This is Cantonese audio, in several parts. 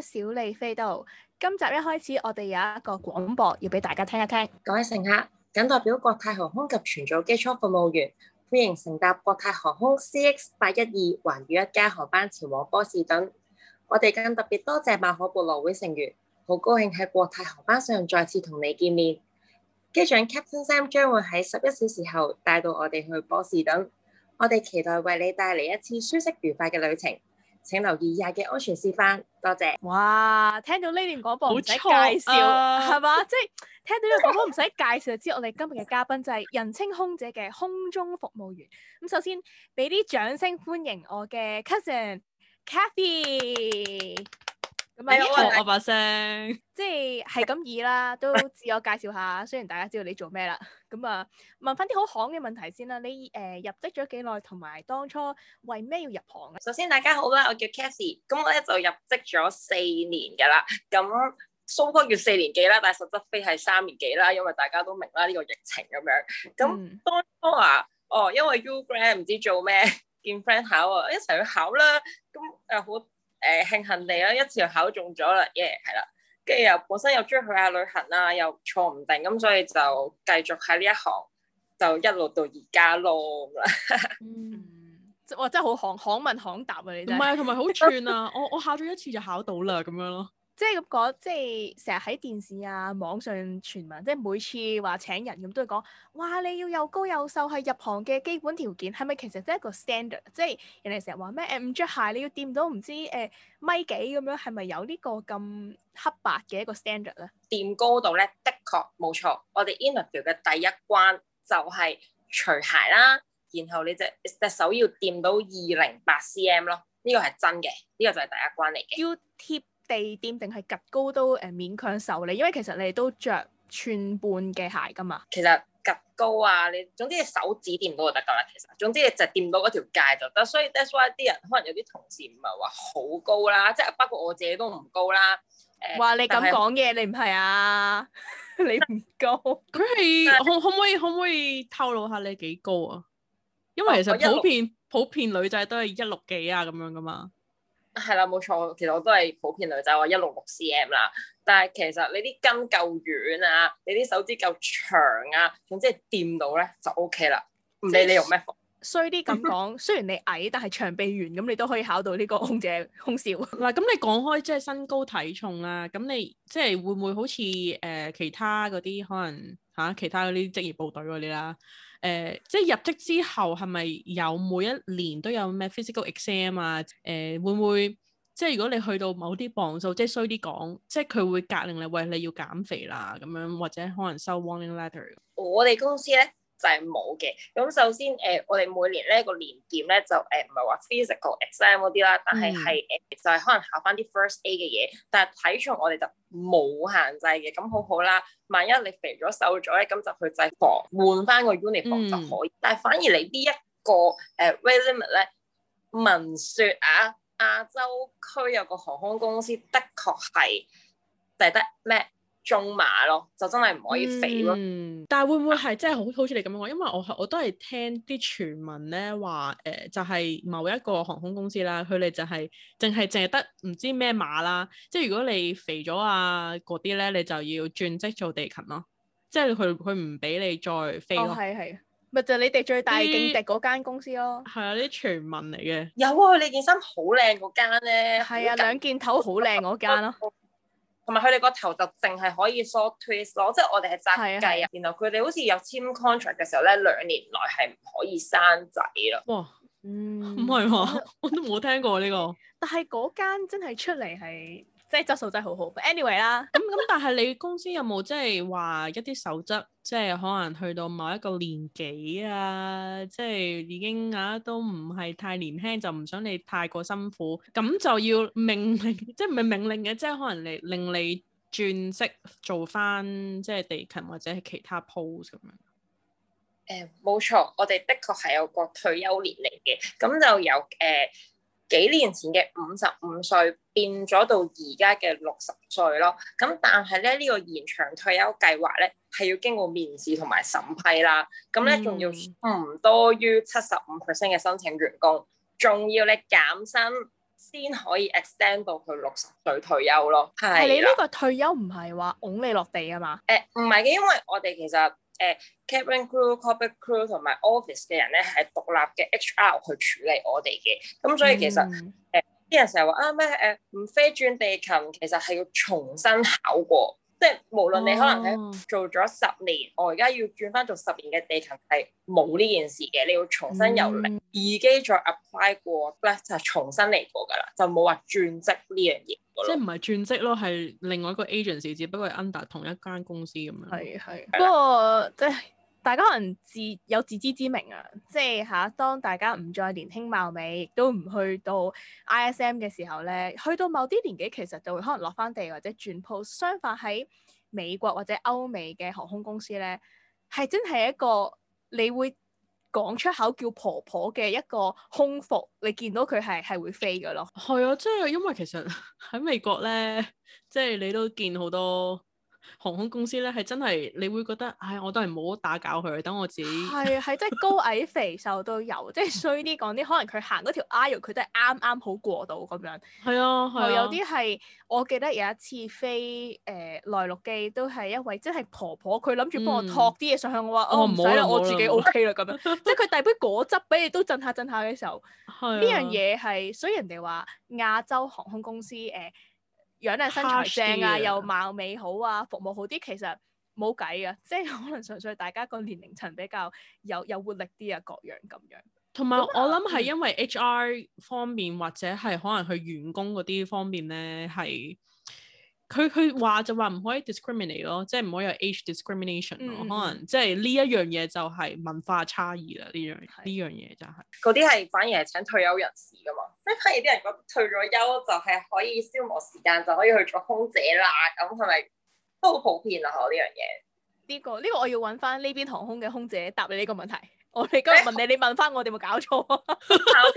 小李飛刀，今集一開始我哋有一個廣播要俾大家聽一聽。各位乘客，謹代表國泰航空及全組機艙服務員，歡迎乘搭國泰航空 CX 八一二寰宇一家航班前往波士頓。我哋更特別多謝馬可布羅會成員，好高興喺國泰航班上再次同你見面。機長 Captain Sam 將會喺十一小時後帶到我哋去波士頓。我哋期待為你帶嚟一次舒適愉快嘅旅程。請留意下嘅安全示範，多謝。哇！聽到呢段廣播唔使介紹係嘛？即係聽到呢個廣播唔使介紹就知，我哋今日嘅嘉賓就係人稱空姐嘅空中服務員。咁首先俾啲掌聲歡迎我嘅 cousin Cathy。咁啊、 就是，我把聲，即係係咁易啦，都自我介紹下。 雖然大家知道你做咩啦。咁啊，問翻啲好行嘅問題先啦。你誒、呃、入職咗幾耐，同埋當初為咩要入行嘅？首先大家好啦，我叫 Cassie，咁我咧就入職咗四年㗎啦。咁所謂叫四年幾啦，但係實質非係三年幾啦，因為大家都明啦呢、呢個疫情咁樣。咁、嗯、當初話、啊、哦，因為 Ugram 唔知做咩，見 friend 考啊，一齊去考啦、啊。咁又好誒慶幸地啦，一次就考中咗啦。耶、yeah，係啦。跟住又本身又中意去下、啊、旅行啦、啊，又坐唔定，咁、嗯、所以就繼續喺呢一行，就一路到而家咯。嗯，即係話真係好行，行問行答啊！你唔係 啊，同埋好串啊！我我考咗一次就考到啦，咁樣咯。即係咁講，即係成日喺電視啊、網上傳聞，即係每次話請人咁都會講，哇！你要又高又瘦係入行嘅基本條件，係咪其實即係一個 standard？即係人哋成日話咩誒唔着鞋，你要掂到唔知誒米、欸、幾咁樣，係咪有呢個咁黑白嘅一個 standard 咧？掂高度咧，的確冇錯。我哋 Interview 嘅第一關就係除鞋啦，然後你隻手要掂到二零八 cm 咯，呢、呢個係真嘅，呢、呢個就係第一關嚟嘅。要貼。地墊定係及高都誒，勉強受理，因為其實你都着寸半嘅鞋噶嘛。其實及高啊，你總之你手指掂到就得㗎啦。其實總之你就掂到嗰條界就得。所以 that's why 啲人可能有啲同事唔係話好高啦，即係包括我自己都唔高啦。話你咁講嘢，你唔係啊？你唔高你？佢係可唔可以，可唔可以透露下你幾高啊？因為其實普遍，普遍女仔都係一六幾啊咁樣噶嘛。係啦，冇、啊、錯，其實我都係普遍女仔話一六六 cm 啦。但係其實你啲筋夠軟啊，你啲手指夠長啊，總之掂到咧就 OK 啦。唔理是你用咩服，衰啲咁講， 雖然你矮，但係長臂猿咁，你都可以考到呢個空姐空少。嗱，咁你講開即係身高體重啦、啊，咁你即係會唔會好似誒其他嗰啲可能吓，其他嗰啲、啊、職業部隊嗰啲啦？誒，uh, 即係入職之後係咪有每一年都有咩 physical exam 啊，uh？誒，會唔會即係如果你去到某啲磅數，即係衰啲講，即係佢會隔令你喂、哎、你要減肥啦咁樣，或者可能收 warning letter。我哋公司咧。就係冇嘅。咁首先，誒、呃、我哋每年呢、呢個年檢咧就誒唔係話 physical exam 啲啦，但係係誒就係可能考翻啲 first aid 嘅嘢。但係體重我哋就冇限制嘅，咁好好啦。萬一你肥咗瘦咗咧，咁就去制服換翻個 uniform 就可以。嗯、但係反而你呢一個誒 requirement 咧，聞説啊亞洲區有個航空公司的確係，但係咩？中馬咯，就真係唔可以肥咯、嗯。但係會唔會係、啊、真係好好似你咁樣？因為我我都係聽啲傳聞咧，話誒、呃、就係、是、某一個航空公司啦，佢哋就係淨係淨係得唔知咩馬啦。即係如果你肥咗啊嗰啲咧，你就要轉職做地勤咯。即係佢佢唔俾你再飛咯。係係、哦，咪就係你哋最大勁敵嗰間公司咯。係啊，啲傳聞嚟嘅。有啊，你件衫好靚嗰間咧。係啊，緊兩件頭好靚嗰間咯、啊。 同埋佢哋個頭就淨係可以梳 twist 咯，即係我哋係揸雞啊。的然後佢哋好似有簽 contract 嘅時候咧，兩年內係唔可以生仔咯。哇，唔係嘛，啊、 我都冇聽過呢、呢個。但係嗰間真係出嚟係。即係質素真係好好，anyway 啦。咁咁，但係你公司有冇即係話一啲守則，即係可能去到某一個年紀啊，即係已經啊都唔係太年輕，就唔想你太過辛苦，咁就要命令，即係唔係命令嘅，即係可能嚟令你轉職做翻即係地勤或者係其他 pose 咁樣。誒、嗯，冇錯，我哋的確係有個退休年齡嘅，咁就有誒。嗯幾年前嘅五十五歲變咗到而家嘅六十歲咯，咁但係咧呢、呢個延長退休計劃咧係要經過面試同埋審批啦，咁咧仲要唔多於七十五 percent 嘅申請員工，仲要你減薪先可以 extend 到佢六十歲退休咯。係你呢個退休唔係話拱你落地啊嘛？誒唔係嘅，因為我哋其實。誒 Cabin Crew、Cockpit Crew 同埋 Office 嘅人呢，係獨立嘅 HR 去處理我哋嘅，咁所以其實誒啲人成日話啊，咩誒唔飛轉地勤，其實係要重新考過。即係無論你可能喺做咗十年，oh. 我而家要轉翻做十年嘅地勤係冇呢件事嘅，你要重新由零自己再 apply 過，咧、就係，就係重新嚟過噶啦，就冇話轉職呢樣嘢。即係唔係轉職咯，係另外一個 agency，只不過 under 同一間公司咁樣。係係。了不過即係。大家可能自有自知之明啊，即係吓、啊，當大家唔再年輕貌美，亦都唔去到 ISM 嘅時候咧，去到某啲年紀，其實就會可能落返地或者轉鋪。相反喺美國或者歐美嘅航空公司咧，係真係一個你會講出口叫婆婆嘅一個空服，你見到佢係係會飛嘅咯。係啊，即係因為其實喺美國咧，即係你都見好多。航空公司咧係真係，你會覺得，唉，我都係唔好打攪佢，等我自己。係啊，係即係高矮肥瘦都有，即係衰啲講啲，可能佢行嗰條 aisle 佢都係啱啱好過到咁樣。係啊，係啊。有啲係，我記得有一次飛誒內陸機，都係一位即係婆婆，佢諗住幫我托啲嘢上去，我話哦，唔使啦，我自己 OK 啦咁樣。即係佢遞杯果汁俾你都震下震下嘅時候，呢樣嘢係，所以人哋話亞洲航空公司誒。樣靚身材正啊，又貌美好啊，服務好啲，其實冇計啊，即係可能純粹大家個年齡層比較有有活力啲啊，各樣咁樣。同埋我諗係因為 HR 方面或者係可能佢員工嗰啲方面咧係。佢佢話就話唔可以 discriminate 咯，即係唔可以有 age discrimination 咯、嗯。可能即係呢一樣嘢就係文化差異啦。呢樣呢樣嘢就係嗰啲係反而係請退休人士噶嘛。即係反而啲人如果退咗休就係、是、可以消磨時間，就可以去做空姐啦。咁係咪都好普遍啊？我呢樣嘢？呢、這個呢、這個我要揾翻呢邊航空嘅空姐答你呢個問題。我哋今日問你， 你問翻我哋有冇搞錯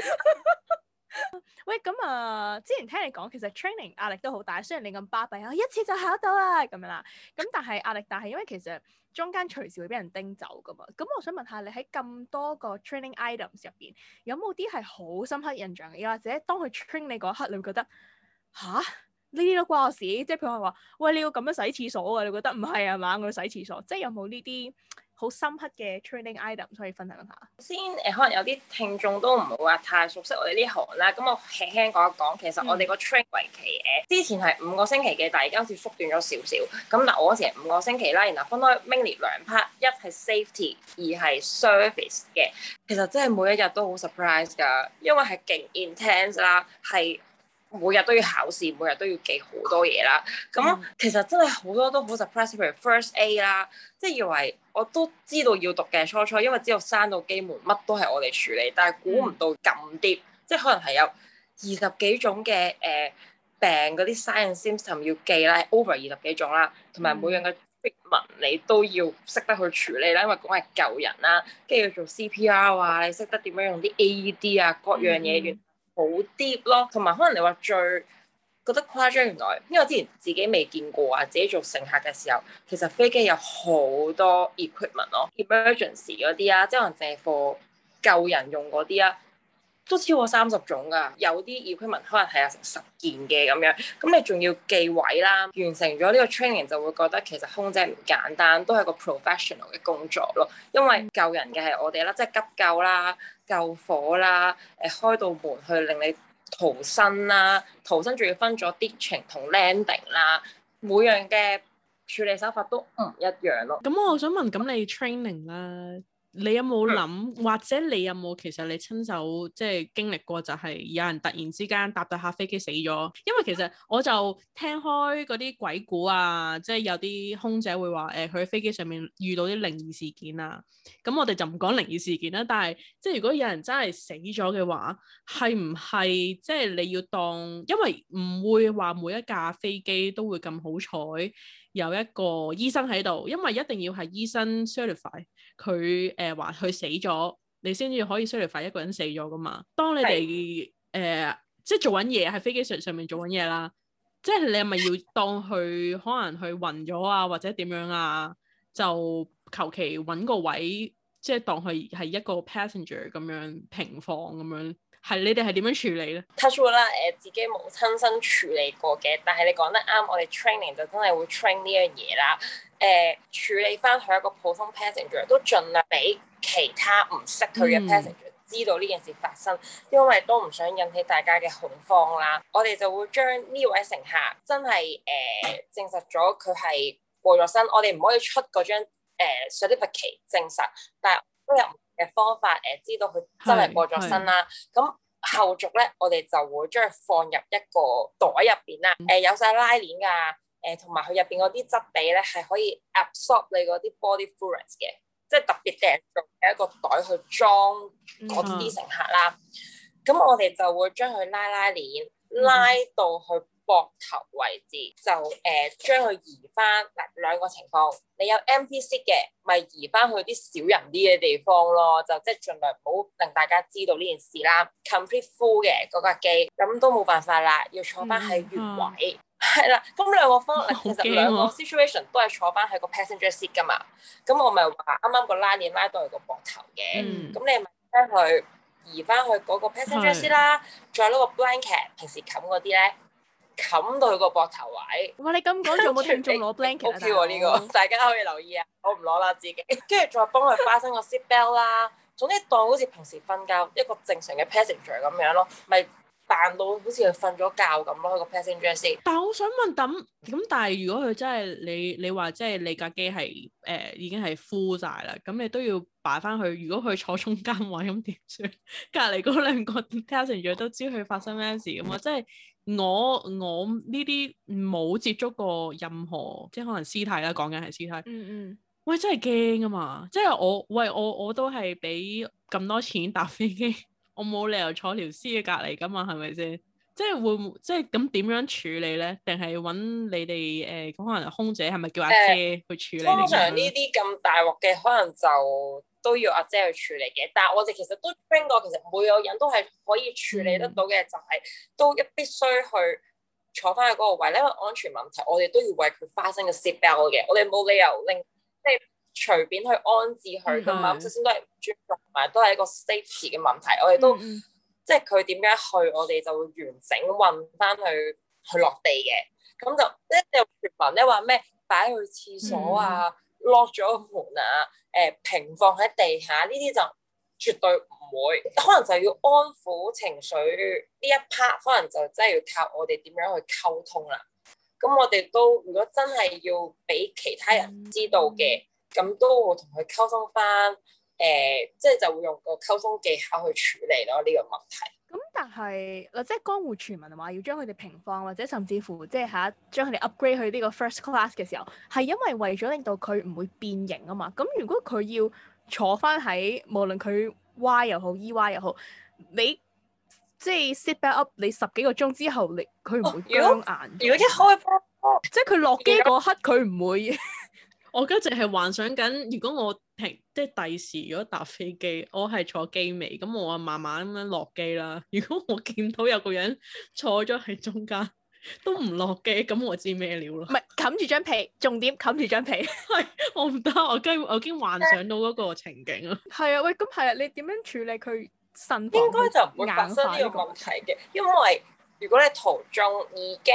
喂，咁啊，之前聽你講，其實 training 壓力都好大，雖然你咁巴閉，啊，一次就考到啊，咁樣啦。咁但係壓力大係因為其實中間隨時會俾人叮走噶嘛。咁我想問下你喺咁多個 training items 入邊，有冇啲係好深刻印象嘅？又或者當佢 train 你嗰一刻，你會覺得吓呢啲都關我事？即係譬如話喂，你要咁樣洗廁所啊，你會覺得唔係啊嘛？我要洗廁所，即係有冇呢啲？好深刻嘅 training item，所以分享一下先。誒，可能有啲聽眾都唔會話太熟悉我哋呢行啦，咁我輕輕講一講。其實我哋個 training 為期、嗯、之前係五個星期嘅，但而家好似縮短咗少少。咁嗱，我嗰時係五個星期啦，然後分開分列兩 part，一係 safety，二係 service 嘅。其實真係每一日都好 surprise 噶，因為係勁 intense 啦，係。每日都要考試，每日都要記好多嘢啦。咁、嗯、其實真係好多都好 surprising 譬如 First A 啦，即係以為我都知道要讀嘅初初，因為只有生到機門，乜都係我哋處理。但係估唔到咁啲，即係可能係有二十幾種嘅誒、呃、病嗰啲 sign symptom 要記啦，over 二十幾種啦。同埋每樣嘅筆文你都要識得去處理啦，因為講係救人啦，跟住要做 CPR 啊，你識得點樣用啲 AED 啊，各樣嘢好 deep 咯，同埋可能你話最覺得誇張，原來因為我之前自己未見過啊，自己做乘客嘅時候，其實飛機有好多 equipment 咯，emergency 嗰啲啊，即係可能淨係 for 救人用嗰啲啊。都超過三十種㗎，有啲 equipment 可能係有成十件嘅咁樣，咁你仲要記位啦。完成咗呢個 training 就會覺得其實空姐唔簡單，都係個 professional 嘅工作咯。因為救人嘅係我哋啦，即係急救啦、救火啦、誒開到門去令你逃生啦，逃生仲要分咗 ditching 同 landing 啦，每樣嘅處理手法都唔一樣咯。咁我想問，咁你 training 啦？你有冇諗，或者你有冇其實你親手即係、就是、經歷過，就係有人突然之間搭到下飛機死咗？因為其實我就聽開嗰啲鬼故啊，即、就、係、是、有啲空姐會話誒，佢、呃、喺飛機上面遇到啲靈異事件啊。咁我哋就唔講靈異事件啦，但係即係如果有人真係死咗嘅話，係唔係即係你要當？因為唔會話每一架飛機都會咁好彩。有一個醫生喺度，因為一定要係醫生 certify 佢誒話、呃、佢死咗，你先至可以 certify 一個人死咗噶嘛。當你哋誒即係做緊嘢喺飛機上上面做緊嘢啦，即係你係咪要當佢可能佢暈咗啊，或者點樣啊，就求其揾個位，即係當佢係一個 passenger 咁樣平放咁樣。係你哋係點樣處理咧 t o u 啦。誒，自己冇親身處理過嘅。但係你講得啱，我哋 training 就真係會 train 呢樣嘢啦。誒、呃，處理翻佢一個普通 passenger，都盡量俾其他唔識佢嘅 passenger 知道呢件事發生，嗯、因為都唔想引起大家嘅恐慌啦。我哋就會將呢位乘客真係誒、呃、證實咗佢係過咗身，我哋唔可以出嗰張誒 certificate 證實，但都有。嘅方法，誒、呃、知道佢真係過咗身啦。咁、啊、後續咧，我哋就會將佢放入一個袋入邊啦。誒、呃、有晒拉鏈啊，誒同埋佢入邊啲質地咧係可以 absorb 你啲 body fluids 嘅，即係特別訂做嘅一個袋去裝啲乘客啦。咁、嗯、哼我哋就會將佢拉拉鏈、嗯、哼拉到去。膊頭位置就誒、呃、將佢移翻嗱兩個情況，你有 M P C 嘅咪移翻去啲少人啲嘅地方咯，就即係盡量唔好令大家知道呢件事啦。Complete full 嘅嗰個機咁都冇辦法啦，要坐翻喺原位係、嗯嗯、啦。咁兩個方、嗯、其實兩個 situation 都係坐翻喺個 passenger seat 㗎嘛。咁我咪話啱啱個拉 i 拉到去 i 個膊頭嘅，咁、嗯、你咪將佢移翻去嗰個 passenger seat 啦，再攞、嗯、個 blanket 平時冚嗰啲咧。冚到佢個膊頭位。哇！你咁講，仲冇趁仲攞 blanket 啊？O K 呢個， 是 大家可以留意啊。我唔攞啦自己，跟住再幫佢花生個 seat belt 啦。總之當好似平時瞓覺一個正常嘅 passenger 咁樣咯，咪、就是、～扮到好似佢瞓咗覺咁咯，個 passenger 先。但係我想問，咁咁，但係如果佢真係你你話，即係你架機係誒已經係 full 晒啦，咁你都要擺翻去。如果佢坐中間位，咁點算？ 隔離嗰兩個 passenger 都知佢發生咩事咁啊！即係我我呢啲冇接觸過任何，即係可能屍體啦，講緊係屍體。嗯嗯。喂，真係驚啊嘛！即係我喂我我都係俾咁多錢搭飛機。我冇理由坐條屍嘅隔籬噶嘛，係咪先？即係會，即係咁點樣處理咧？定係搵你哋誒、呃，可能空姐係咪叫阿姐去處理呢、呃？通常呢啲咁大鑊嘅，可能就都要阿姐去處理嘅。但係我哋其實都聽過，其實每個人都係可以處理得到嘅，嗯、就係都必須去坐翻去嗰個位咧。因為安全問題，我哋都要為佢發生嘅 seat belt 嘅。我哋冇理由令即係。隨便去安置佢噶嘛，mm hmm. 首先都係唔尊重，同埋都係一個 safety 嘅問題。我哋都、mm hmm. 即係佢點解去，我哋就會完整運翻去去落地嘅。咁就即係有傳聞咧話咩擺去廁所啊，lock 咗門啊，誒、呃、平放喺地下呢啲就絕對唔會。可能就係要安撫情緒呢一 part，可能就真係要靠我哋點樣去溝通啦。咁我哋都如果真係要俾其他人知道嘅。Mm hmm. 咁都會同佢溝通翻，誒、呃，即係就會用個溝通技巧去處理咯呢、這個問題。咁但係，嗱，即係江湖傳聞話要將佢哋平放，或者甚至乎即係嚇將佢哋 upgrade 去呢個 first class 嘅時候，係因為為咗令到佢唔會變形啊嘛。咁如果佢要坐翻喺，無論佢 Y 又好 EY 又好，你即係 sit back up，你十幾個鐘之後，你佢唔會僵硬、哦。如果一開波，哦、即係佢落機嗰刻，佢唔果會。 我而家直係幻想緊，如果我停，即係第時如果搭飛機，我係坐機尾咁，我啊慢慢咁樣落機啦。如果我見到有個人坐咗喺中間都唔落機，咁我知咩料咯。唔係冚住張被，重點冚住張被，係我唔得，我跟，我已經幻想到嗰個情景啊。係啊，喂，咁係啊，你點樣處理佢神應該就唔會發生呢個問題嘅？因為如果你途中已經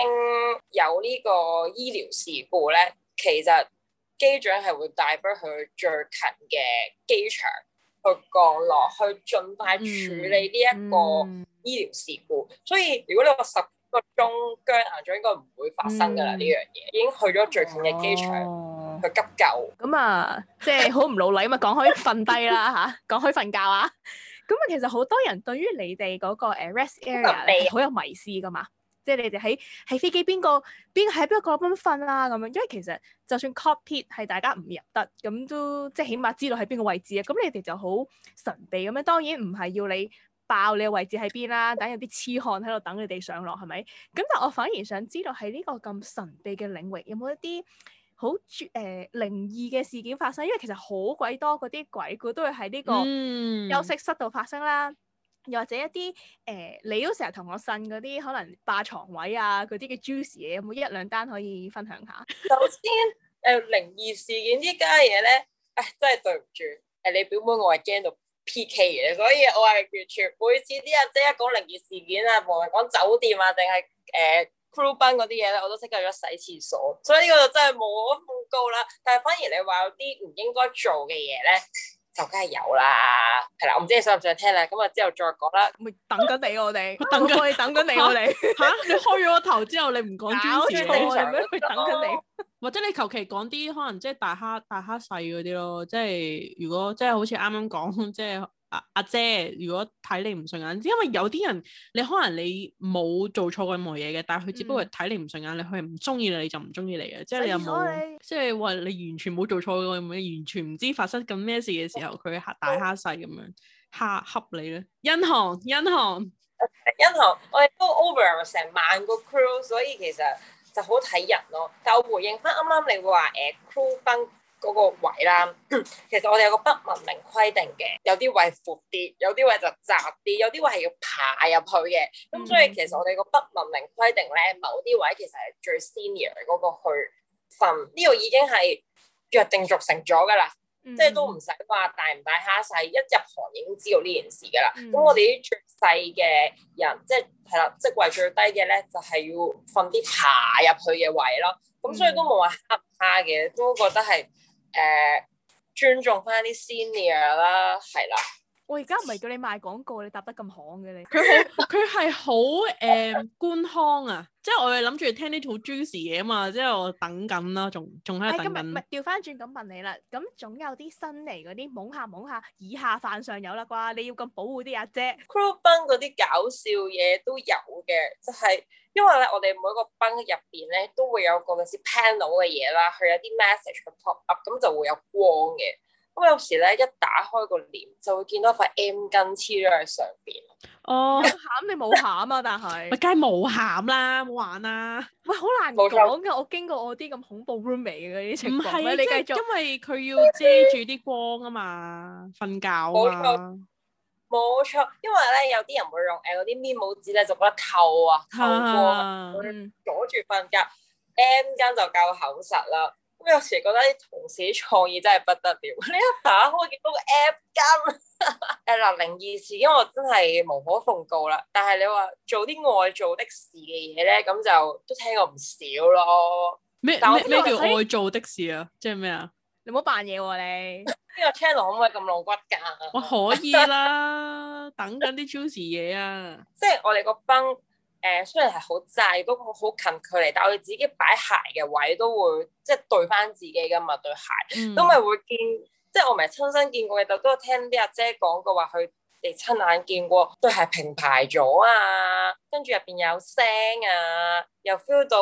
有呢個醫療事故咧，其實。機長係會帶翻去最近嘅機場去降落，去盡快處理呢一個醫療事故。嗯嗯、所以如果你話十個鐘僵硬咗，應該唔會發生㗎啦呢樣嘢。已經去咗最近嘅機場去急救。咁啊、哦，即係好唔老禮咁啊，講開瞓低啦嚇，講開瞓覺啊。咁啊，其實好多人對於你哋嗰個 rest area 你好有迷思㗎嘛？即係你哋喺喺飛機邊個邊，喺邊個角落瞓啦咁樣，因為其實就算 cockpit 係大家唔入得，咁都即係起碼知道喺邊個位置啊。咁你哋就好神秘咁樣，當然唔係要你爆你嘅位置喺邊啦。等有啲痴漢喺度等你哋上落係咪？咁但我反而想知道喺呢個咁神秘嘅領域，有冇一啲好絕誒靈異嘅事件發生？因為其實好鬼多嗰啲鬼故都會喺呢個休息室度發生啦。嗯又或者一啲誒、呃，你都成日同我呻嗰啲可能霸床位啊，嗰啲嘅 juice 嘢，有冇一兩單可以分享下？首先誒靈異事件呢家嘢咧，唉真係對唔住，誒、呃、你表妹我係驚到 PK 嘅，所以我係完全每次啲人即係講靈異事件啊，無論講酒店啊定係誒 crew bun 啲嘢咧，我都即刻去咗洗廁所，所以呢個就真係冇咁高啦。但係反而你話有啲唔應該做嘅嘢咧，就梗係有啦，係、嗯、啦，我唔知你想唔想聽咧？咁啊，之後再講啦，咪等緊你我哋， 等我等我哋，等緊 你我哋嚇、 啊！你開咗個頭之後，你唔講住，我點樣去等緊你？ 或者你求其講啲可能即係大蝦大蝦細嗰啲咯，即係如果即係好似啱啱講即係。阿姐，如果睇你唔順眼，因為有啲人你可能你冇做錯過任何嘢嘅，但係佢只不過係睇你唔順眼，你佢係唔中意你，你就唔中意你嘅，即係你又冇，即係話你完全冇做錯過嘅，完全唔知發生緊咩事嘅時候，佢大蝦細咁樣蝦恰你咧。英航，英航，英航，我哋都 over 成萬個 crew，所以其實就好睇人咯。就回應翻啱啱你會話誒、呃、，crew 崩。嗰個位啦，其實我哋有個不文明規定嘅，有啲位闊啲，有啲位就窄啲，有啲位係要爬入去嘅。咁所以其實我哋個不文明規定咧，某啲位其實係最 senior 嗰個去瞓。呢度已經係約定俗成咗㗎啦，嗯、即係都唔使話大唔大蝦細，一入行已經知道呢件事㗎啦。咁、嗯、我哋啲最細嘅人，即係係啦，職位最低嘅咧，就係、是、要瞓啲爬入去嘅位咯。咁所以都冇話蝦唔蝦嘅，都覺得係。誒，uh, 尊重翻啲 senior 啦，係啦。我而家唔係叫你賣廣告，你答得咁行嘅你。佢好，佢係好誒官腔啊！即係我係諗住聽啲套 juicy 嘢啊嘛，即係我等緊啦，仲仲喺度等緊。唔係，唔係，調翻轉咁問你啦。咁總有啲新嚟嗰啲懵下懵下，以下犯上有啦啩？你要咁保護啲阿姐？crew 崩嗰啲搞笑嘢都有嘅，就係因為咧，我哋每一個崩入邊咧都會有個類似 panel 嘅嘢啦，佢有啲 message 咁 pop up，咁就會有光嘅。咁有時咧，一打開個簾，就會見到塊 M 巾黐咗喺上邊。哦，餡 你冇餡啊，但係咪梗係冇餡啦，冇、 啊、玩啦、啊。喂，好難講㗎，錯我經過我啲咁恐怖 room 嘅嗰啲情況咧。是你繼續，因為佢要遮住啲光啊嘛，瞓 覺、啊。冇錯，冇錯。因為咧，有啲人會用誒啲咪帽紙咧，就覺得透啊，透過阻住瞓覺。 M 巾就夠厚實啦。咁有時覺得啲同事啲創意真係不得了，你一打開見到個 app 咁誒嗱零二事，因為我真係無可奉告啦。但係你話做啲愛做的事嘅嘢咧，咁就都聽過唔少咯。咩咩叫做愛做的事啊？即係咩啊， 啊？你唔好扮嘢喎你。呢個 channel 可唔可以咁露骨噶？我可以啦， 等緊啲 juicy 嘢啊！ 即係我哋個班。誒雖然係好窄，都好近距離，但係我哋自己擺鞋嘅位都會即係對翻自己噶嘛，對鞋、嗯、都咪會見，即係我唔係親身見過嘅，就都聽啲阿姐講過話，佢哋親眼見過都係平排咗啊，跟住入邊有聲啊，又 feel 到，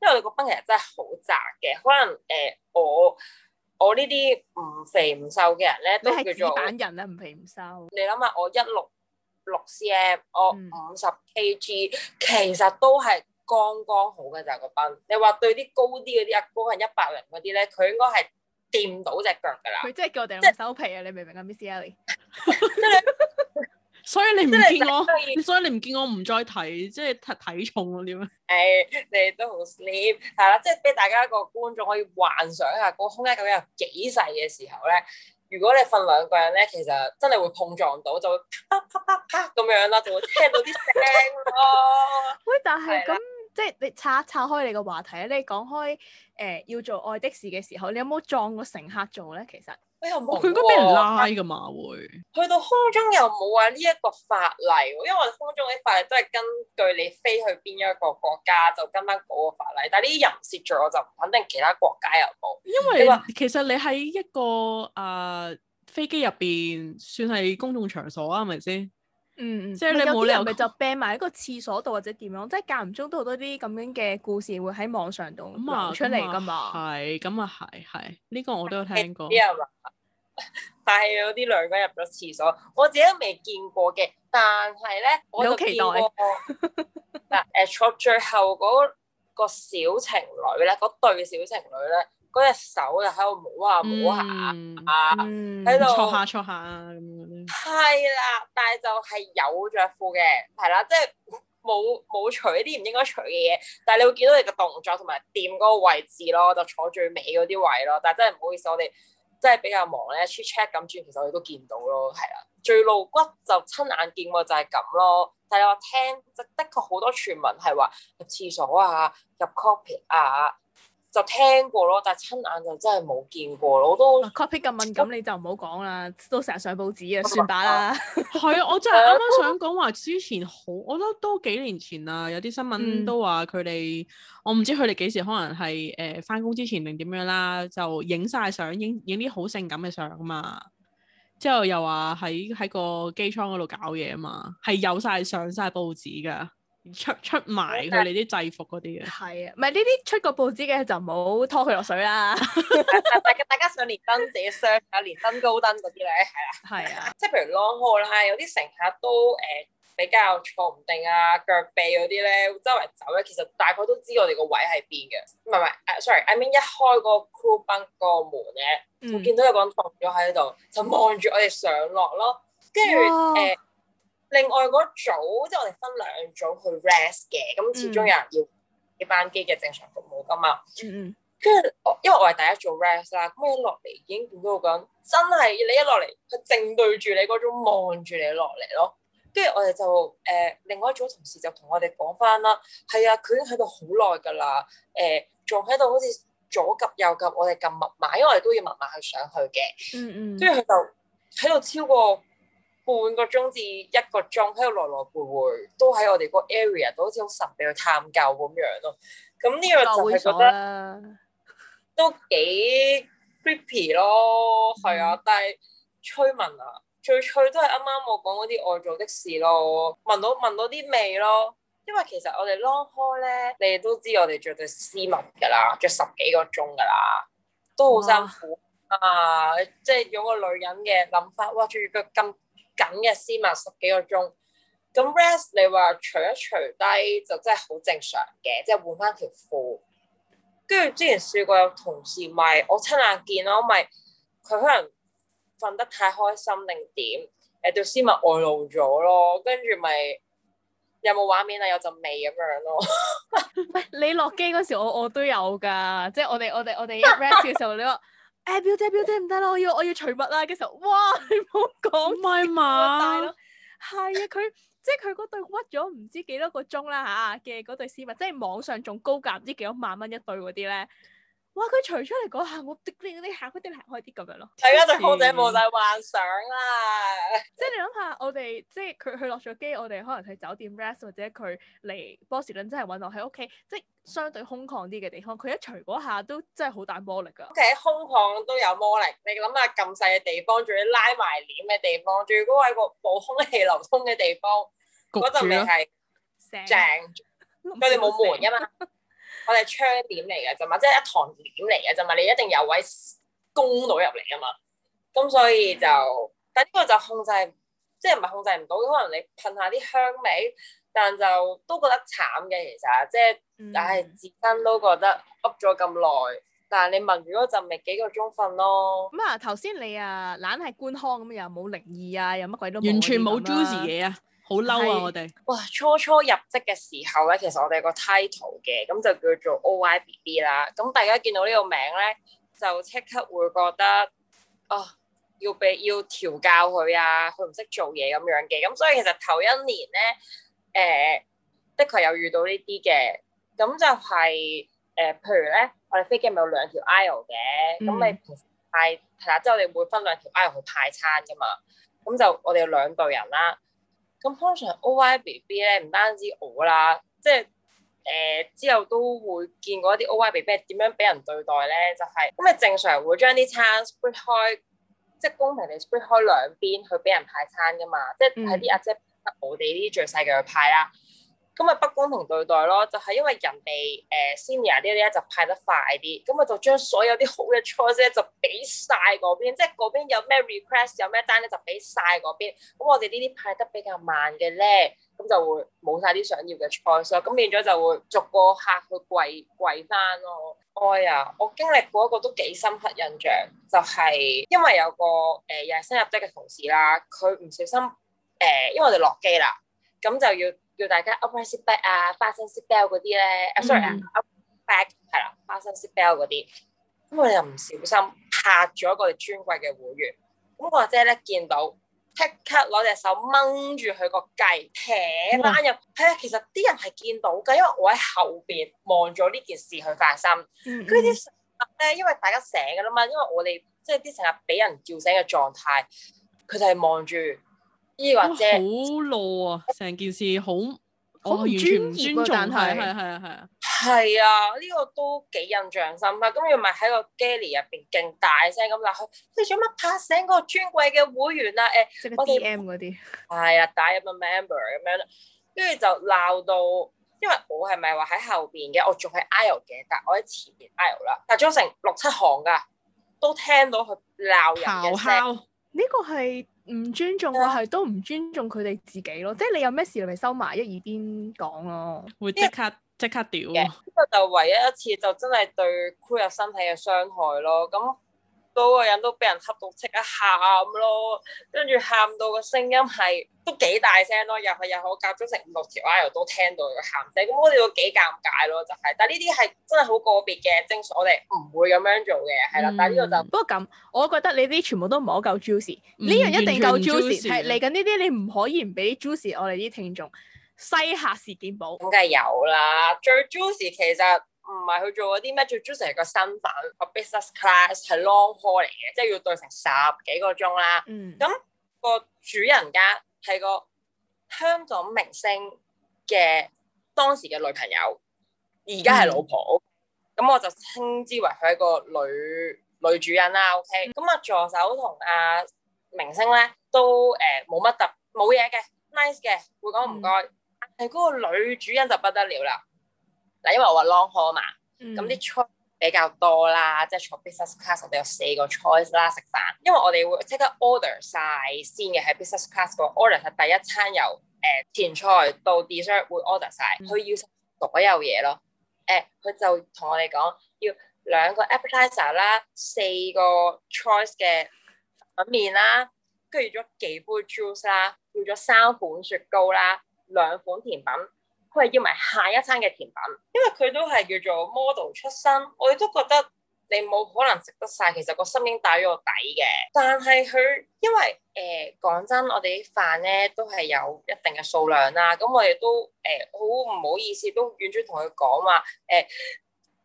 因為我個班其實真係好窄嘅，可能誒、呃、我我不不呢啲唔肥唔瘦嘅人咧都叫做，紙板人啊，唔肥唔瘦，你諗下我一六六 cm，我五十 kg，嗯、其實都係剛剛好嘅咋個墩。你話對啲高啲嗰啲啊，高係一百零嗰啲咧，佢應該係掂到隻腳噶啦。佢即係叫我哋收皮啊！即你明唔明啊，Miss Ellie 所以你唔見，見我，所以你唔見我唔再提，即係睇重咯點啊？誒、 哎，你都好 sleep 係啦，即係俾大家一個觀眾可以幻想一下個空間究竟有幾細嘅時候咧。如果你瞓兩個人咧，其實真係會碰撞到，就會啪啪啪啪咁樣啦，就會聽到啲聲咯。喂 是，但係咁，即係、就是、你岔一岔開你個話題咧，你講開誒、呃、要做愛的士嘅時候，你有冇撞過乘客做咧？其實。佢應該俾人拉噶嘛，會去到空中又冇話呢一個法例，因為空中嗰啲法例都係根據你飛去邊一個國家就跟翻嗰個法例，但係呢啲人涉咗，我就唔肯定其他國家有冇。因為，因為其實你喺一個啊、uh, 飛機入邊算係公眾場所啊，係咪先？嗯，即係你冇理由咪就病埋喺個廁所度或者點樣，即係間唔中都好多啲咁樣嘅故事會喺網上度出嚟噶嘛。係，咁啊係，係、這、呢個我都有聽過。啲 人話，但係有啲兩個入咗廁所，我自己都未見過嘅，但係咧，我好期待嗱，除咗最後嗰個小情侶咧，嗰對小情侶咧。嗰隻手就喺度摸啊摸下啊，喺度坐下坐下啊係啦，但係就係有着褲嘅，係啦，即係冇冇除啲唔應該除嘅嘢。但係你會見到你嘅動作同埋掂嗰個位置咯，就坐最尾嗰啲位咯。但係真係唔好意思，我哋真係比較忙咧，check check 咁轉，其實我哋都見到咯，係啦。最露骨就親眼見過就係咁咯。但係我聽，就的確好多傳聞係話入廁所啊，入 Cockpit 啊。就聽過咯，但係親眼就真係冇見過咯。我都 copy 咁敏感，你就唔好講啦。我都成日上報紙啊，算把啦。係啊， 我真係啱啱想講話，之前好，我覺得都幾年前啦，有啲新聞都話佢哋，嗯、我唔知佢哋幾時可能係誒返工之前定點樣啦，就影晒相，影影啲好性感嘅相啊嘛。之後又話喺喺個機艙嗰度搞嘢啊嘛，係有晒上晒報紙噶。出出埋佢哋啲制服嗰啲嘅，係 啊，唔係呢啲出個報紙嘅就唔好拖佢落水啦。大大家上連登己雙啊，連登高登嗰啲咧，係啦，係啊，即係譬如 long haul 啦，有啲乘客都誒、呃、比較坐唔定啊，腳痹嗰啲咧，周圍走咧，其實大概都知我哋個位喺邊嘅，唔係唔係、啊、，sorry I mean 一開嗰個 crew bunk 個門咧，我見、嗯、到有個人凍咗喺度，就望住我哋上落咯，跟住誒。啊啊呃另外嗰組，即係我哋分兩組去 rest 嘅，咁始終有人要啲班機嘅正常服務噶嘛。嗯嗯。跟住我，因為我係第一組 rest 啦，咁一落嚟已經見到個人真係，你一落嚟佢正對住你嗰種望住你落嚟咯。跟住我哋就誒、呃，另外一組同事就同我哋講返啦，係啊，佢已經喺度、呃、好耐㗎啦，誒，仲喺度好似左撳右撳，我哋撳密碼，因為我哋都要密碼去上去嘅。嗯嗯。跟住佢就喺度超過半個鐘至一個鐘，喺度來來回回，都喺我哋個 area 度，好似好神秘去探究咁樣咯。咁呢個就係覺得都幾 creepy 咯，係啊。嗯、但係催問啊，最催都係啱啱我講嗰啲愛做的事咯，聞到聞到啲味咯，因為其實我哋 long haul 咧，你哋都知我哋着對絲襪㗎啦，着十幾個鐘㗎啦，都好辛苦啊。即係、啊啊就是、有個女人嘅諗法，哇！着對咁～緊嘅絲襪十幾個鐘，咁 rest 你話除一除低就真係好正常嘅，即係換翻條褲。跟住之前試過有同事咪，我親眼見咯咪，佢可能瞓得太開心定點，誒對絲襪外露咗咯，跟住咪有冇畫面啊？有陣味咁樣咯 。喂，你落機嗰時我我都有㗎，即係我哋我哋我哋一 rest 嘅時候你。 誒，表姐表姐唔得啦，我要我要除襪啦！嘅時候，哇，你唔好講，唔係嘛，係啊，佢即係佢嗰對屈咗唔知幾多個鐘啦吓嘅嗰對絲襪，即係網上仲高價唔知幾多萬蚊一對嗰啲咧。哇！佢除出嚟嗰下，我滴零啲客都離開啲咁樣咯，大家對空姐冇晒幻想啦。即係你諗下，我哋即係佢去落咗機，我哋可能喺酒店 rest，或者佢嚟波士頓，真係搵我喺屋企，即係相對空曠啲嘅地方。佢一除嗰下都真係好大魔力噶。其實喺空曠都有魔力，你諗下咁細嘅地方，仲要拉埋簾嘅地方，仲要嗰個冇空氣流通嘅地方，嗰陣味係正，佢哋冇門啊嘛。 我哋係窗簾嚟嘅咋嘛，即、就、係、是、一堂簾嚟嘅咋嘛，就是、你一定有位攻到入嚟啊嘛，咁所以就，但呢個就控制，即係唔係控制唔到，可能你噴下啲香味，但就都覺得慘嘅其實，即係，唉、嗯，至今都覺得噏咗咁耐，但係你聞完嗰陣咪幾個鐘瞓咯。咁啊、嗯，頭先你啊，懶係官腔咁又冇靈異啊，又乜鬼都、啊、完全冇 juicy 嘢啊！好嬲啊！是我哋們哇，初初入職嘅時候咧，其實我哋有個 title 嘅，咁就叫做 O.I.B.B. 啦。咁大家見到呢個名咧，就即刻會覺得啊、哦，要俾要調教佢啊，佢唔識做嘢咁樣嘅。咁所以其實頭一年咧，誒、呃、的確有遇到呢啲嘅。咁就係、是、誒、呃，譬如咧，我哋飛機咪有兩條 aisle 嘅、嗯，咁咪派係啦，即係我哋會分兩條 aisle 去派餐噶嘛。咁就我哋有兩隊人啦。.咁通常 OYBB 咧，唔單止我啦，即係誒、呃、之後都會見過一啲 OYBB 點樣俾人對待咧，就係咁誒正常會將啲餐 split 開，即係公平地 split 開兩邊去俾人派餐噶嘛，嗯、即係睇啲阿姐得我哋呢啲最細嘅去派啦。咁咪不公平對待咯，就係、是、因為人哋誒、呃、senior 啲啲咧就派得快啲，咁咪就將所有啲好嘅 choice 就俾晒嗰邊，即係嗰邊有咩 request 有咩單咧就俾晒嗰邊，咁我哋呢啲派得比較慢嘅咧，咁就會冇晒啲想要嘅 choice 咁變咗就會逐個客去跪跪返咯。哎呀，我經歷過一個都幾深刻印象，就係、是、因為有個誒、呃、又係新入職嘅同事啦，佢唔小心誒、呃，因為我哋落機啦，咁就要。叫大家 uprise bell 啊，花生色 bell 嗰啲咧，sorry 啊 uprise bell 係啦，花生色 bell 嗰啲，咁我哋又唔小心拍咗個專櫃嘅會員，咁我阿姐咧見到即刻攞隻手掹住佢個計，扯翻入，係啊、mm，hmm. 其實啲人係見到㗎，因為我喺後邊望咗呢件事去發生，佢啲成日咧，因為大家醒㗎啦嘛，因為我哋即係啲成日俾人叫醒嘅狀態，佢就係望住。都、哦、好 low 啊！成件事好，我、啊哦、完全唔尊重佢。係係係啊係啊，係啊！呢個都幾印象深刻。咁佢咪喺個 gallery 入邊勁大聲咁鬧，你做乜拍醒個尊貴嘅會員啊？誒、欸，m 我哋 DM 嗰啲係，啊 Diamond Member 咁樣，跟住就鬧到，因為我係咪話喺後邊嘅？我仲係 isle 嘅，但我喺前面 isle 啦。但係咗成六七行㗎，都聽到佢鬧人嘅聲。呢哄個係。唔尊重我係都唔尊重佢哋自己咯，即係你有咩事你咪收埋一耳邊講咯、啊，會即刻即 Yeah. 刻屌。呢個就 Yeah. 唯一一次就真係對 c o 入身體嘅傷害咯，咁。嗰個人都俾人嚇到即刻喊咯，跟住喊到個聲音係都幾大聲咯，又係又好夾咗成五六條 I，、啊、又都聽到佢喊聲，咁我哋都幾尷尬咯，就係、是。但呢啲係真係好個別嘅，正常我哋唔會咁樣做嘅，係啦、嗯。但呢個就、嗯、不過咁，我覺得你啲全部都唔好夠 juicy，呢樣一定夠 juicy 嚟緊呢啲，嗯、s, 你唔可以唔俾 juicy 我哋啲聽眾。西客事件簿梗係有啦，最 juicy 其實。唔係去做嗰啲咩？最主要係個身份，個 business class 係 long haul 嚟嘅，即係要對成十幾個鐘啦。咁、嗯個主人家係個香港明星嘅當時嘅女朋友，而家係老婆。咁、嗯、我就稱之為佢係個女女主人啦。OK，咁啊、嗯、助手同阿、啊、明星咧都誒冇乜特冇嘢嘅 nice 嘅，會講唔該。嗯、但係嗰個女主人就不得了啦。嗱，因為我話 long haul 嘛，咁啲 choice 比較多啦，即係坐 business class 我哋有四個 choice 啦，食飯，因為我哋會即刻 order 晒先嘅，喺 business class 個 order 係第一餐由誒前、呃、菜到 dessert 會 order 晒，佢要咗所有嘢咯，誒、呃、佢就同我哋講要兩個 appetizer 啦，四個 choice 嘅粉麵啦，跟住要咗幾杯 juice 啦，要咗三款雪糕啦，兩款甜品。佢係要埋下一餐嘅甜品，因為佢都係叫做 model 出身，我哋都覺得你冇可能食得晒，其實個心境打咗個底嘅。但係佢因為誒講、呃、真，我哋啲飯咧都係有一定嘅數量啦，咁我哋都誒好唔好意思，都婉轉同佢講話誒。呃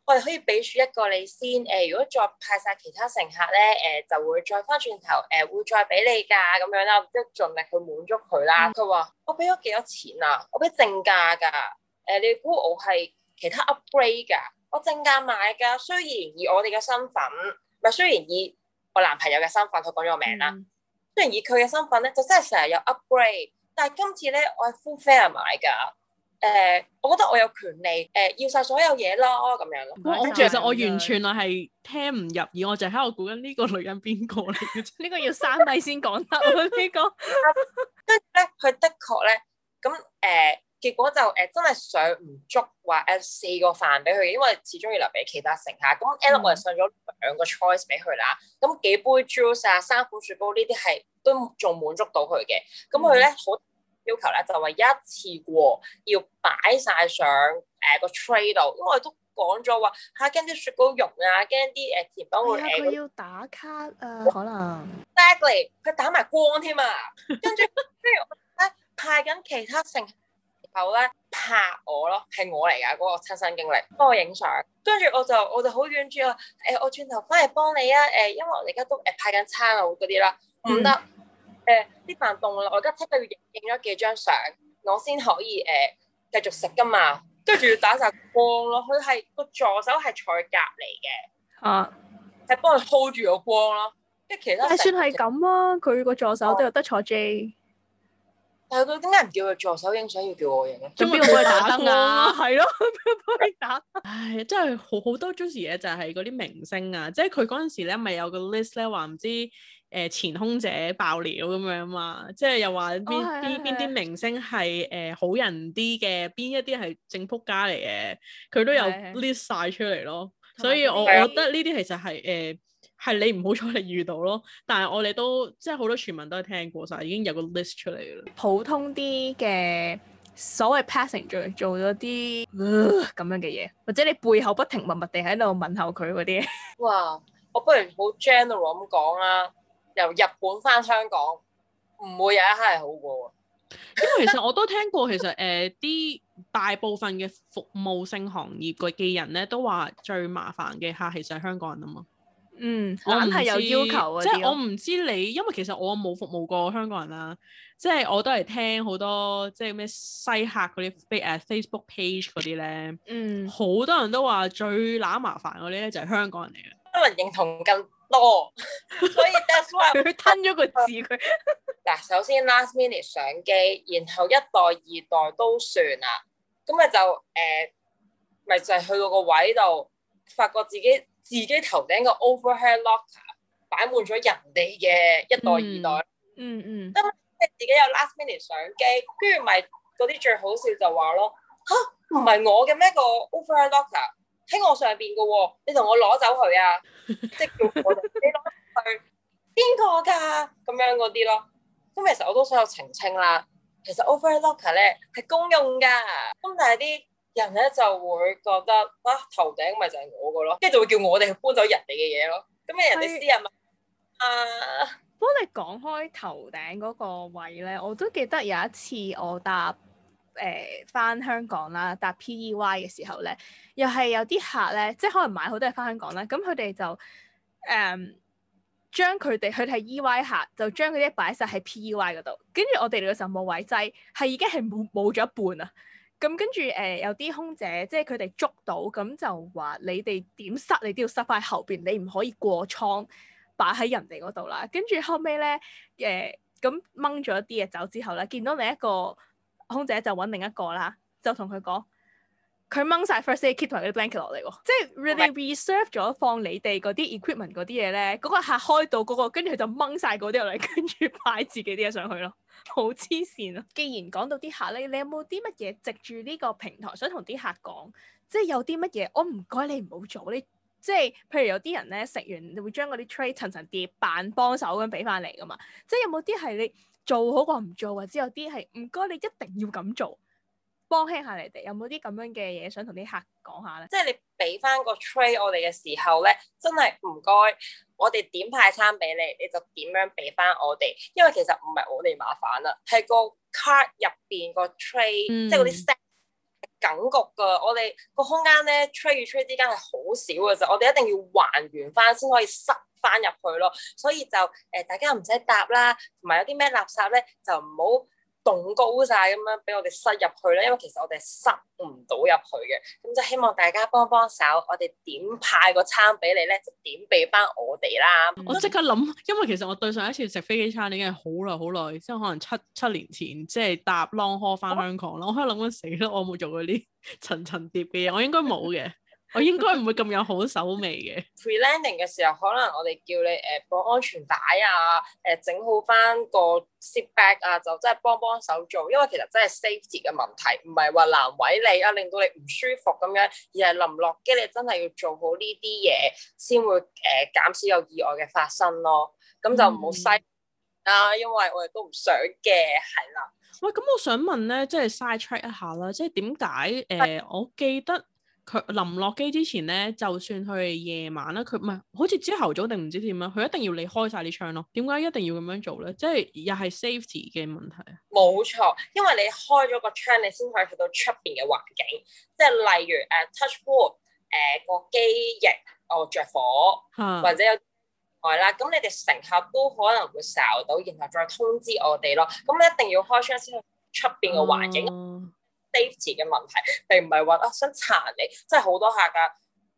我哋可以俾住一個你先，誒，如果再派晒其他乘客咧，誒、呃，就會再翻轉頭，誒、呃，會再俾你㗎，咁樣啦，即係盡力去滿足佢啦。佢話、嗯：我俾咗幾多錢啊？我俾正價㗎，誒、呃，你估我係其他 upgrade 㗎，我正價買㗎。雖然以我哋嘅身份，咪雖然以我男朋友嘅身份，佢講咗個名啦，嗯、雖然以佢嘅身份咧，就真係成日有 upgrade，但係今次咧，我係 full fare 買㗎。誒、呃，我覺得我有權利誒、呃，要晒所有嘢咯，咁樣咯。是其實我完全我係聽唔入耳，我就喺度估緊呢個女人邊個嚟？呢 個要生低先講得。 呢個跟住咧，佢的確咧，咁誒、呃，結果就誒、呃、真係上唔足話誒、呃、四個飯俾佢，因為始終要留俾其他乘客。咁 Alan、e 嗯、我係上咗兩個 choice 俾佢啦，咁幾杯 juice 啊、三款雪糕呢啲係都仲滿足到佢嘅。咁佢咧好。嗯嗯要求咧就話、是、一次過要擺晒上誒、呃那個 tray 度，因為我都講咗話嚇驚啲雪糕融啊，驚啲誒甜品會。佢、啊哎、要打卡啊？啊可能。Exactly 佢打埋光添啊！跟住跟住咧派緊其他乘客咧拍我咯，係我嚟噶嗰個親身經歷幫我影相。跟住我就我就好婉轉啊誒，我轉頭翻嚟幫你啊誒、哎，因為我而家都誒派緊餐啊嗰啲啦，唔得。 誒，啲飯凍啦，我而家出到影影咗幾張相，我先可以誒繼、呃、續食噶嘛。跟住要打晒光咯，佢係個助手係坐隔籬嘅，啊，係幫佢 hold 住個光咯。即係其實，誒、啊，算係咁啦，佢個助手都有得坐 J。啊、但係佢點解唔叫佢助手影相，要叫我影咧？做邊個打燈啊？係咯， 幫佢打、啊。唉， 真係好好多嘢咧，就係嗰啲明星啊，即係佢嗰陣時咧，咪有個 list 咧，話唔知。誒、呃、前空姐爆料咁樣嘛，即係又話邊邊邊啲明星係誒、呃、是好人啲嘅，邊一啲係正仆街嚟嘅，佢都有 list 晒出嚟咯。是是是所以我覺得呢啲其實係誒係你唔好彩嚟遇到咯。但係我哋都即係好多傳聞都係聽過晒，已經有個 list 出嚟啦。普通啲嘅所謂 passenger 做咗啲咁樣嘅嘢，或者你背後不停默默地喺度問候佢嗰啲。哇！我不如好 general 咁講啦。由日本翻香港，唔會有一刻係好過。因為其實我都聽過，其實誒啲、 呃、大部分嘅服務性行業嘅人咧，都話最麻煩嘅客其實係香港人啊嘛。嗯，我唔知，即係我唔知你，因為其實我冇服務過香港人啦。即係我都係聽好多，即係咩西客嗰啲 face Facebook page 嗰啲咧，好、嗯、多人都話最攬麻煩嗰啲咧就係、是、香港人嚟嘅。不能認同咁。多， 所以 that's why 佢吞咗個字佢。嗱， 首先 last minute 相機，然後一代二代都算啦。咁咪就誒，咪就係去到個位度，發覺自己自己頭頂個 overhead locker 擺滿咗人哋嘅一代二代。嗯嗯。咁即係自己有 last minute 相機，跟住咪嗰啲最好笑就話咯，吓唔係我嘅咩個 overhead locker？喺 我上邊嘅喎，你同我攞走佢啊，即係叫我哋你攞去。邊個噶咁樣嗰啲咯。咁其實我都想有澄清啦，其實 overlocker 咧係公用噶，咁但係啲人咧就會覺得哇頭頂咪就係我個咯，跟住就會叫我哋搬走人哋嘅嘢咯。咁你人哋私人物。啊，幫你講開頭頂嗰個位咧，我都記得有一次我搭。誒翻香港啦，搭 P.E.Y. 嘅時候咧，又係有啲客咧，即係可能買好多嘢翻香港啦，咁佢哋就誒、嗯、將佢哋佢哋 E.Y. 客，就將嗰啲擺晒喺 P.E.Y. 嗰度，跟、e、住我哋嚟嘅時候冇位擠，係已經係冇冇咗一半啦！咁跟住誒有啲空姐即係佢哋捉到，咁就話你哋點塞你都要塞翻喺後邊，你唔可以過倉擺喺人哋嗰度啦。跟住後尾咧誒咁掹咗一啲嘢走之後咧，見到另一個。空姐就揾另一個啦，就同佢講，佢掹晒 first aid kit 同埋嗰啲 blanket 落嚟喎，即係 really reserve 咗放你哋嗰啲 equipment 嗰啲嘢咧，嗰個客開到嗰個，跟住佢就掹晒嗰啲落嚟，跟住擺自己啲嘢上去咯，好黐線啊！既然講到啲客咧，你有冇啲乜嘢籍住呢個平台想同啲客講？即係有啲乜嘢，我唔該你唔好做，你即係譬如有啲人咧食完你會將嗰啲 tray 層層疊，扮幫手咁俾翻嚟噶嘛，即係有冇啲係你？做好過唔做，或者有啲係唔該你一定要咁做，幫輕下你哋。有冇啲咁樣嘅嘢，想同啲客講下咧？即係你俾翻個 trade 我哋嘅時候咧，真係唔該，我哋點派餐俾你，你就點樣俾翻我哋？因為其實唔係我哋麻煩啦，係個 card 入邊個 trade，即係啲 set。感覺㗎，我哋個空間咧，吹與吹之間係好少嘅，就我哋一定要還原翻先可以塞翻入去咯，所以就誒、呃、大家唔使搭啦，同埋有啲咩垃圾咧就唔好。仲高晒咁樣俾我哋塞入去啦，因為其實我哋塞唔到入去嘅，咁就希望大家幫幫手，我哋點派個餐俾你咧，就點俾翻我哋啦。我即刻諗，因為其實我對上一次食飛機餐已經係好耐好耐，即係可能七七年前，即係搭 long haul 翻香港啦、oh?。我喺度諗緊死啦，我冇做過呢層層疊嘅嘢，我應該冇嘅。 我應該唔會咁有好手尾嘅。pre landing 嘅時候，可能我哋叫你誒綁、啊、安全帶啊，誒、啊、整好翻個 seat back 啊，就真係幫幫手做，因為其實真係 safety 嘅問題，唔係話難為你啊，令到你唔舒服咁樣，而係臨落機你真係要做好呢啲嘢，先會誒、啊、減少有意外嘅發生咯。咁就唔好嘥啦，因為我哋都唔想嘅，係啦。喂、嗯，咁我想問咧，即係 side track 一下啦，即係點解誒？我記得。佢臨落機之前咧，就算佢夜晚啦，佢唔係好似朝頭早定唔知點樣啦，佢一定要你開晒啲窗咯。點解一定要咁樣做咧？即係又係 safety 嘅問題。冇錯，因為你開咗個窗，你先可以去到出邊嘅環境。即係例如誒、uh, touch wood、uh, 個機翼哦着火，Huh. 或者有外啦，咁你哋乘客都可能會受到，然後再通知我哋咯。咁你一定要開窗先去出邊嘅環境。Uh Safety 嘅問題並唔係話啊想殘你，真係好多客噶，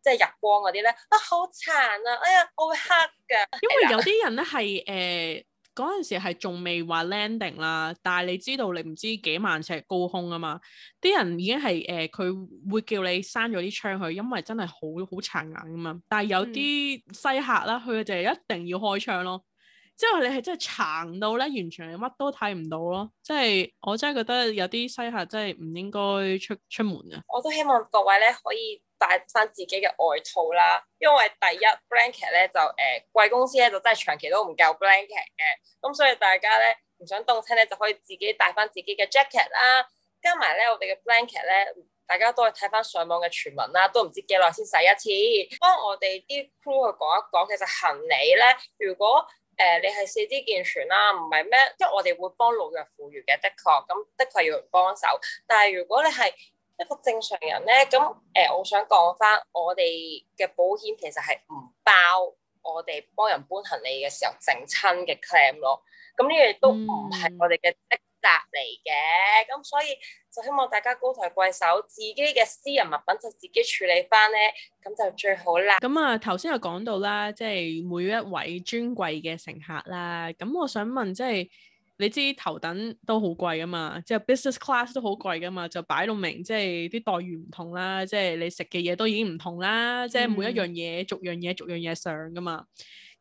即係日光嗰啲咧啊好殘啊！哎呀，我會黑噶。因為有啲人咧係誒嗰陣時係仲未話 landing 啦，但係你知道你唔知幾萬尺高空啊嘛，啲人已經係誒佢會叫你閂咗啲窗去，因為真係好好殘硬啊嘛。但係有啲西客啦，佢就係一定要開窗咯。即係你係真係撐到咧，完全係乜都睇唔到咯。即係我真係覺得有啲西客真係唔應該出出門嘅。我都希望各位咧可以帶翻自己嘅外套啦，因為第一 blanket 咧就誒、呃、貴公司咧就真係長期都唔夠 blanket 嘅。咁所以大家咧唔想凍親咧就可以自己帶翻自己嘅 jacket 啦，加埋咧我哋嘅 blanket 咧，大家都係睇翻上網嘅傳聞啦，都唔知幾耐先洗一次。幫我哋啲 crew 去講一講，其實行李咧如果誒、呃，你係四肢健全啦、啊，唔係咩？即係我哋會幫老弱婦孺嘅，的確，咁的確係要人幫手。但係如果你係一個正常人咧，咁誒、呃，我想講返，我哋嘅保險其實係唔包我哋幫人搬行李嘅時候整親嘅 claim 咯。咁呢樣亦都唔係我哋嘅。摘嚟嘅，咁所以就希望大家高抬貴手，自己嘅私人物品就自己處理翻咧，咁就最好啦。咁啊，頭先又講到啦，即係每一位尊貴嘅乘客啦，咁我想問，即係你知頭等都好貴噶嘛，即係 Business Class 都好貴噶嘛，嗯、就擺到明，即係啲待遇唔同啦，即係你食嘅嘢都已經唔同啦，嗯、即係每一樣嘢逐樣嘢逐樣嘢上噶嘛。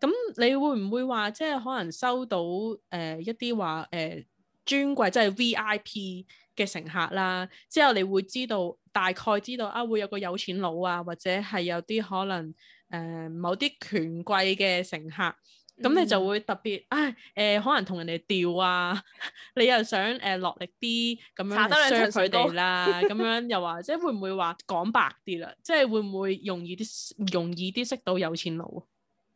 咁你會唔會話，即係可能收到誒、呃、一啲話誒？呃呃呃尊貴即係 VIP 嘅乘客啦，之後你會知道大概知道啊，會有個有錢佬啊，或者係有啲可能誒、呃、某啲權貴嘅乘客，咁、嗯、你就會特別啊誒、哎呃，可能同人哋調啊，你又想誒落、呃、力啲咁樣傷佢哋啦，咁 樣又話即係會唔會話講白啲啦，即係會唔會，啊、會，會容易啲容易啲識到有錢佬、啊？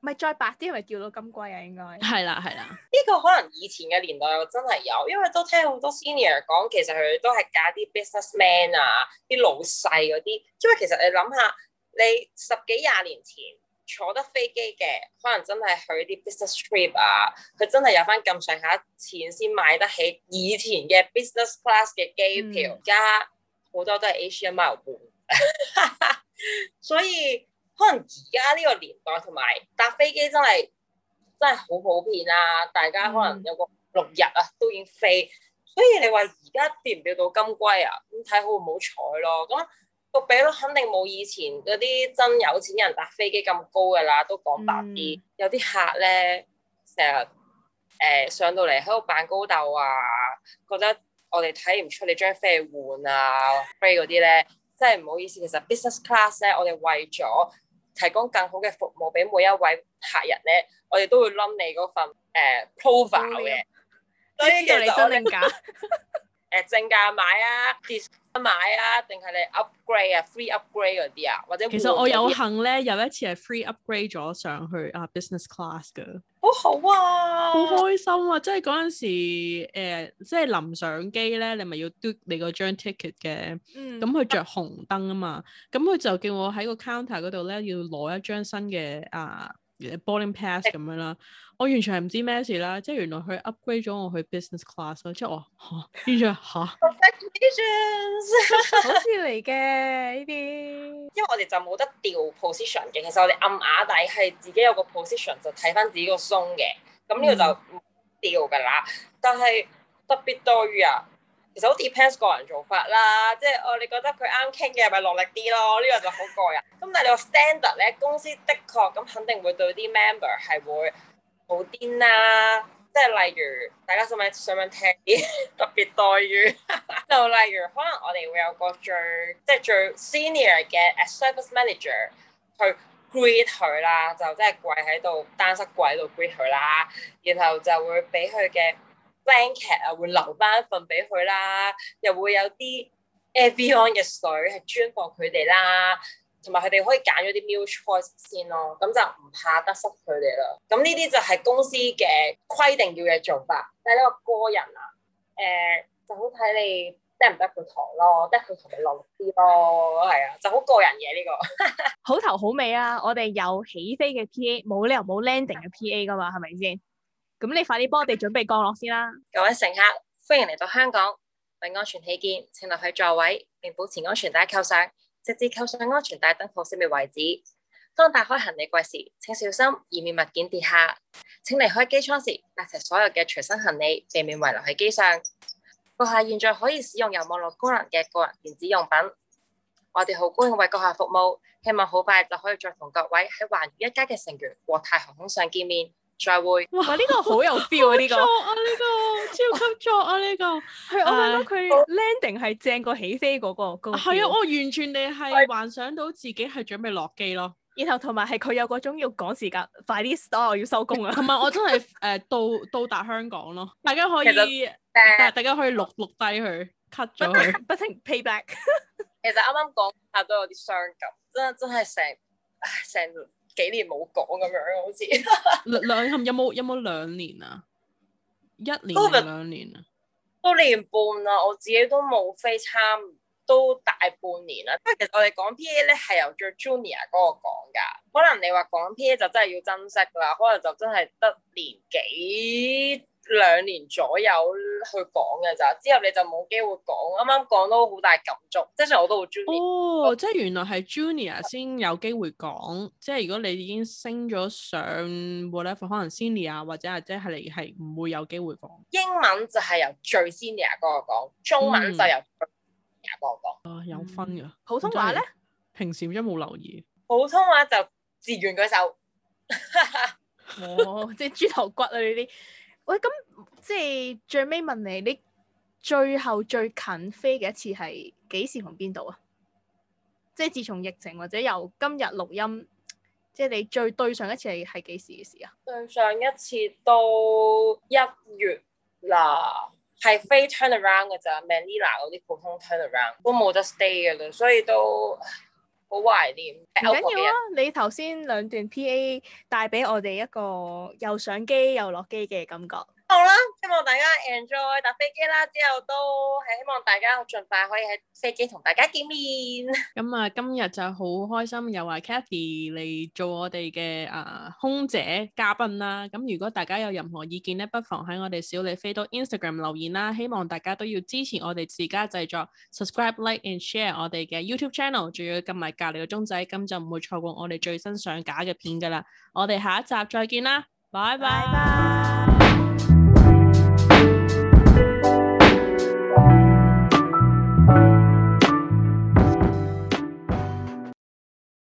咪再白啲，咪叫到咁貴啊！應該係啦、啊，係啦。呢個可能以前嘅年代我真係有，因為都聽好多 senior 講，其實佢都係嫁啲 businessman 啊，啲老細嗰啲。因為其實你諗下，你十幾廿年前坐得飛機嘅，可能真係去啲 business trip 啊，佢真係有翻咁上下錢先買得起以前嘅 business class 嘅機票。而家好多都係 Asian 買唔到， 所以。可能而家呢個年代同埋搭飛機真係真係好普遍啦，啊，大家可能有個六日啊都已經飛，所以你話而家變唔變到金龜啊？咁睇好唔好彩咯？咁個比率肯定冇以前嗰啲真有錢人搭飛機咁高噶啦，都講白啲，嗯、有啲客咧成日誒上到嚟喺度扮高竇啊，覺得我哋睇唔出你張飛換啊 free 嗰啲咧，真係唔好意思，其實 business class 咧，我哋為咗提供更好嘅服務俾每一位客人咧，我哋都會冧你嗰份誒 profile 嘅。呢個你真定假？ 誒、啊、正價買啊 discount 買啊，定係你 upgrade 啊，free upgrade 嗰啲啊，或者其實我有幸咧，有一次係 free upgrade 咗上去啊、uh, business class 㗎，好好啊，好開心啊！即係嗰陣時、呃、即係臨上機咧，你咪要 do 你個張 ticket 嘅，咁佢着紅燈啊嘛，咁佢就叫我喺個 counter 嗰度咧，要攞一張新嘅啊、uh, boarding pass 咁樣啦。嗯嗯。我完全係唔知咩事啦，即係原來佢 upgrade 咗我去 business class 咯，即係我嚇，跟住吓 positions,、啊、S, 好似嚟嘅呢啲， 因為我哋就冇得調 position 嘅，其實我哋暗啞底係自己有個 position 就睇翻自己個松嘅，咁呢個就唔掉㗎啦。嗯、但係特別多餘啊，其實好 depends 個人做法啦，即係我哋覺得佢啱傾嘅咪落力啲咯，呢個就好個人。咁但係你話 standard 咧，公司的確咁肯定會對啲 member 係會。好癲啦！即係例如，大家想唔想唔想聽啲 特別待遇？就 例如，可能我哋會有個最即係最 senior 嘅 service manager 去 greet 佢啦，就即係跪喺度單膝跪喺度 greet 佢啦，然後就會俾佢嘅 blanket 啊，會留翻一份俾佢啦，又會有啲 Evian 嘅水係專放佢哋啦。同埋佢哋可以揀咗啲 mutual choice 先咯，咁就唔怕得失佢哋啦。咁呢啲就係公司嘅規定要嘅做法。但係呢個個人啊，誒、呃、就好睇你得唔得佢堂咯，得佢同你落啲咯，係啊，就好個人嘢、啊、呢、這個。好頭好尾啊！我哋有起飛嘅 PA，冇理由冇 landing 嘅 PA 噶嘛，係咪先？咁你快啲幫我哋準備降落先啦。各位乘客，歡迎嚟到香港，為安全起見，請留喺座位並保持安全帶扣上。直至扣上安全帶燈號熄滅為止。當打開行李櫃時，請小心以免物件跌下。請離開機艙時，帶齊所有嘅隨身行李，避免遺留喺機上。閣下現在可以使用有網絡功能嘅個人電子用品。我哋好高興為閣下服務，希望好快就可以再同各位喺寰宇一家嘅成員國泰航空上見面。哇！呢個好有 feel 啊！呢個，作啊！呢個，超級作啊！呢個，係我覺得佢 landing 係正過起飛嗰個。係啊，我完全地係幻想到自己係準備落機咯。然後同埋係佢有嗰種要趕時間，快啲 stop，我要收工啊！同埋我真係誒到到達香港咯。大家可以，但大家可以錄錄低佢 cut 咗不停 payback。其實啱啱講下都有啲傷感，真真係成成幾年冇講咁樣，好似兩 有冇有冇兩年啊？一年定兩年啊？都年半啦，我自己都冇飛差，都大半年啦。因為其實我哋講 P A 咧，係由最 Junior 嗰個講噶。可能你話講 P A 就真係要珍惜啦，可能就真係得年幾。兩年左右去講嘅咋，之後你就冇機會講。啱啱講到好大感觸，即係我都好 junior。哦，即係原來係 junior 先有機會講，對即係如果你已經升咗上 whatever，可能 senior 啊、或者係即係你係唔會有機會講。英文就係由最 senior 哥講，中文就由哥哥 s 講、嗯。 嗯、 啊，有分噶。普通話咧？平時都冇留意。普通話就自願舉手， 哦，即係豬頭骨啊呢啲。喂，咁即係最尾問你，你最後最近飛嘅一次係幾時同邊度啊？即係自從疫情或者由今日錄音，即係你最對上一次係係幾時嘅事啊？對上一次到一月啦，係飛 turn around 嘅咋，Manila 嗰啲普通 turn around 都冇得 stay 嘅啦，所以都。好懷念，唔緊要啊！你頭先兩段 PA 帶俾我哋一個又上機又落機嘅感覺。好啦，希望大家 enjoy 搭飛機啦，之後都係希望大家盡快可以喺飛機同大家見面。咁啊，今日就好開心，又話 Cathy 嚟做我哋嘅啊空姐嘉賓啦。咁如果大家有任何意見咧，不妨喺我哋小李飛刀 Instagram 留言啦。希望大家都要支持我哋自家製作，subscribe、like and share 我哋嘅 YouTube channel，仲要撳埋隔離嘅鐘仔，咁就唔會錯過我哋最新上架嘅片噶啦。我哋下一集再見啦，bye bye 拜拜。